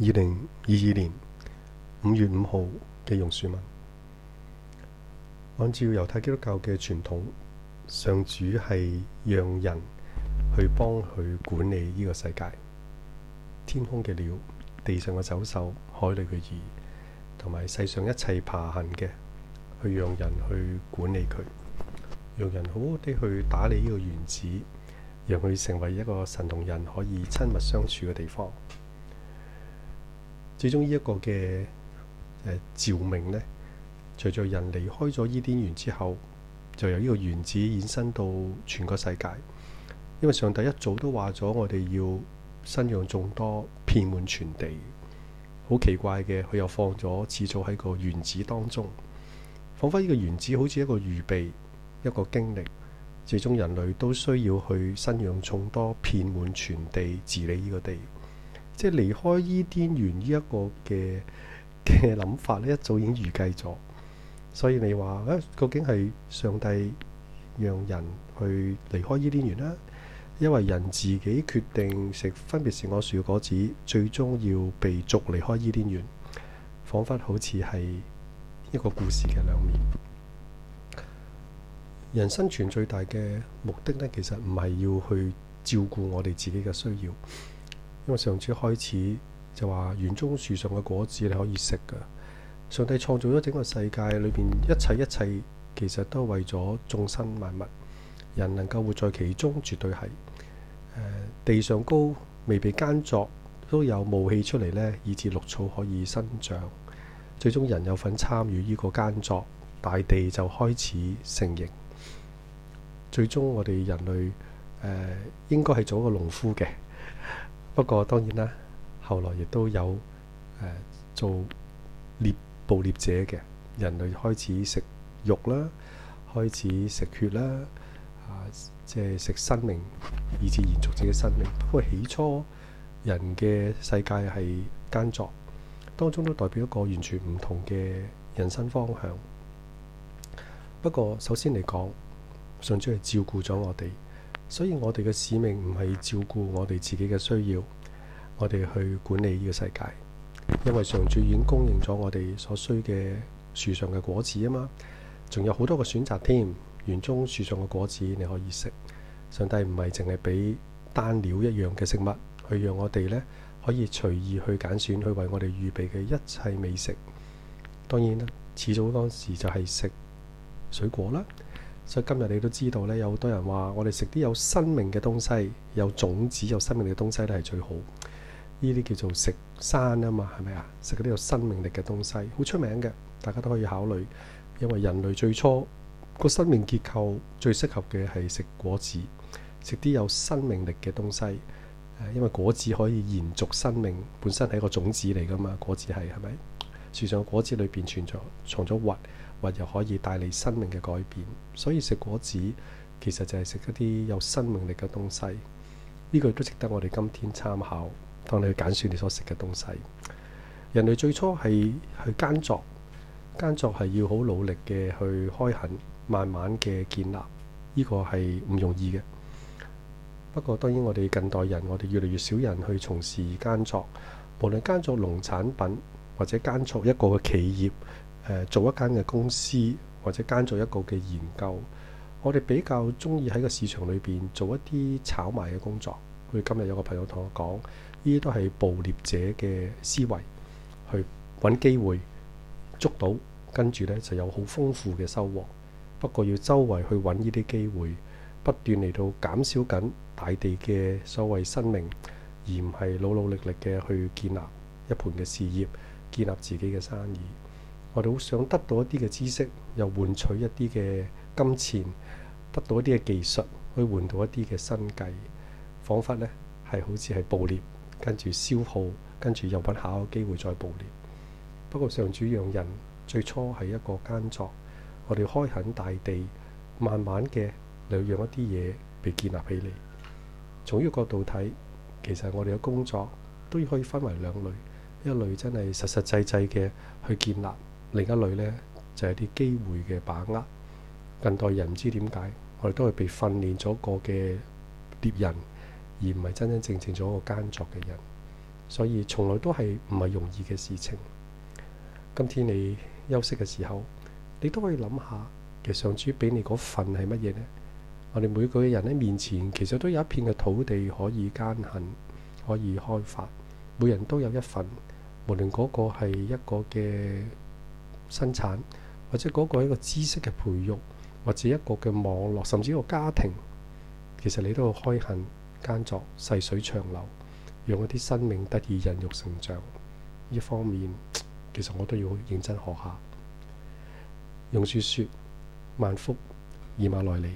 二零二二年五月五號嘅容樹文，按照猶太基督教嘅傳統，上主係讓人去幫佢管理呢個世界，天空嘅鳥、地上嘅走獸、海裏嘅魚，同埋世上一切爬行嘅，去讓人去管理佢，讓人好好地去打理呢個原子，讓佢成為一個神同人可以親密相處嘅地方。最終呢一個嘅誒召命呢，隨著人離開咗伊甸園之後，就由呢個園子衍生到全個世界。因為上帝一早都話咗，我哋要生養眾多，遍滿全地。好奇怪嘅，佢又放咗始祖喺個園子當中，彷彿呢個園子好似一個預備、一個經歷。最終人類都需要去生養眾多，遍滿全地，治理呢個地。即係離開伊甸園呢一個嘅嘅諗法咧，一早已經預計咗。所以你話啊、欸，究竟係上帝讓人去離開伊甸園啦？因為人自己決定食分別善惡樹嘅果子，最終要被逐離開伊甸園，彷彿好似係一個故事嘅兩面。人生存最大嘅目的咧，其實唔係要去照顧我哋自己嘅需要。因為上次開始就話園中樹上嘅果子你可以食㗎。上帝創造咗整個世界裏邊一切一切，其實都係為咗眾生萬物。人能夠活在其中，絕對係、呃、地上高未被耕作都有霧氣出嚟咧，以至綠草可以生長。最終人有份參與呢個耕作，大地就開始成形。最終我哋人類誒、呃、應該係做一個農夫嘅。不過當然啦，後來亦都有、呃、做獵捕獵者嘅人類開，開始食肉啦，開始食血啦，即係食生命以至延續自己生命。不過起初人嘅世界係耕作，當中都代表一個完全唔同嘅人生方向。不過首先嚟講，神出嚟照顧咗我哋。所以我哋嘅使命唔係照顧我哋自己嘅需要，我哋去管理呢個世界，因為上主已供應咗我哋所需嘅樹上嘅果子啊嘛，仲有好多個選擇添，園中樹上嘅果子你可以食。上帝唔係淨係俾單料一樣嘅食物，去讓我哋呢可以隨意去揀選，去為我哋預備嘅一切美食。當然啦，始祖當時就係食水果啦。所以今日你都知道咧，有好多人話我哋食啲有生命嘅東西，有種子有生命力嘅東西咧係最好。呢啲叫做食生啊嘛，係咪啊？食啲有生命力嘅東西，好出名嘅，大家都可以考慮。因為人類最初個生命結構最適合嘅係食果子，食啲有生命力嘅東西。因為果子可以延續生命，本身係一個種子嚟噶嘛。果子係係咪樹上果子裏邊存在藏咗核？或又可以帶嚟生命嘅改變，所以食果子其實就係食一啲有生命力嘅東西。呢句都值得我哋今天參考。當你去揀選你所食嘅東西，人類最初係去耕作，耕作係要好努力嘅去開墾，慢慢嘅建立呢個係唔容易嘅。不過當然，我哋近代人，我哋越嚟越少人去從事耕作，無論耕作農產品或者耕作一個嘅企業。誒，做一間嘅公司，或者間做一個嘅研究，我哋比較鍾意喺個市場裏邊做一啲炒賣嘅工作。佢今日有個朋友同我講，呢啲都係捕獵者嘅思維，去揾機會捉到，跟住呢就有好豐富嘅收穫。不過要周圍去揾呢啲機會，不斷嚟到減少緊大地嘅所謂生命，而唔係努努力努力嘅去建立一盤嘅事業，建立自己嘅生意。我哋好想得到一啲嘅知識，又換取一啲嘅金錢，得到一啲嘅技術，去換到一啲嘅生計，彷彿呢係好似係捕獵，跟住消耗，跟住又揾下個機會再捕獵。不過上主讓人最初係一個耕作，我哋開墾大地，慢慢嘅嚟讓一啲嘢被建立起嚟。從呢個角度睇，其實我哋嘅工作都要可以分為兩類，一類真係實實際際嘅去建立。另一類呢，就係啲機會嘅把握。近代人唔知點解，我哋都係被訓練咗個嘅獵人，而唔係真真正正做一個耕作嘅人，所以從來都係唔係容易嘅事情。今天你休息嘅時候，你都可以諗下，其實上主俾你嗰份係乜嘢呢？我哋每個人呢面前其實都有一片嘅土地可以耕種、可以開發，每人都有一份，無論嗰個係一個嘅生產或者嗰個一個知識嘅培育，或者一個嘅網絡，甚至一個家庭，其實你都要開墾耕作，細水長流，讓一啲生命得以孕育成長。呢方面其實我都要認真學下。用樹雪，萬福，以馬內利。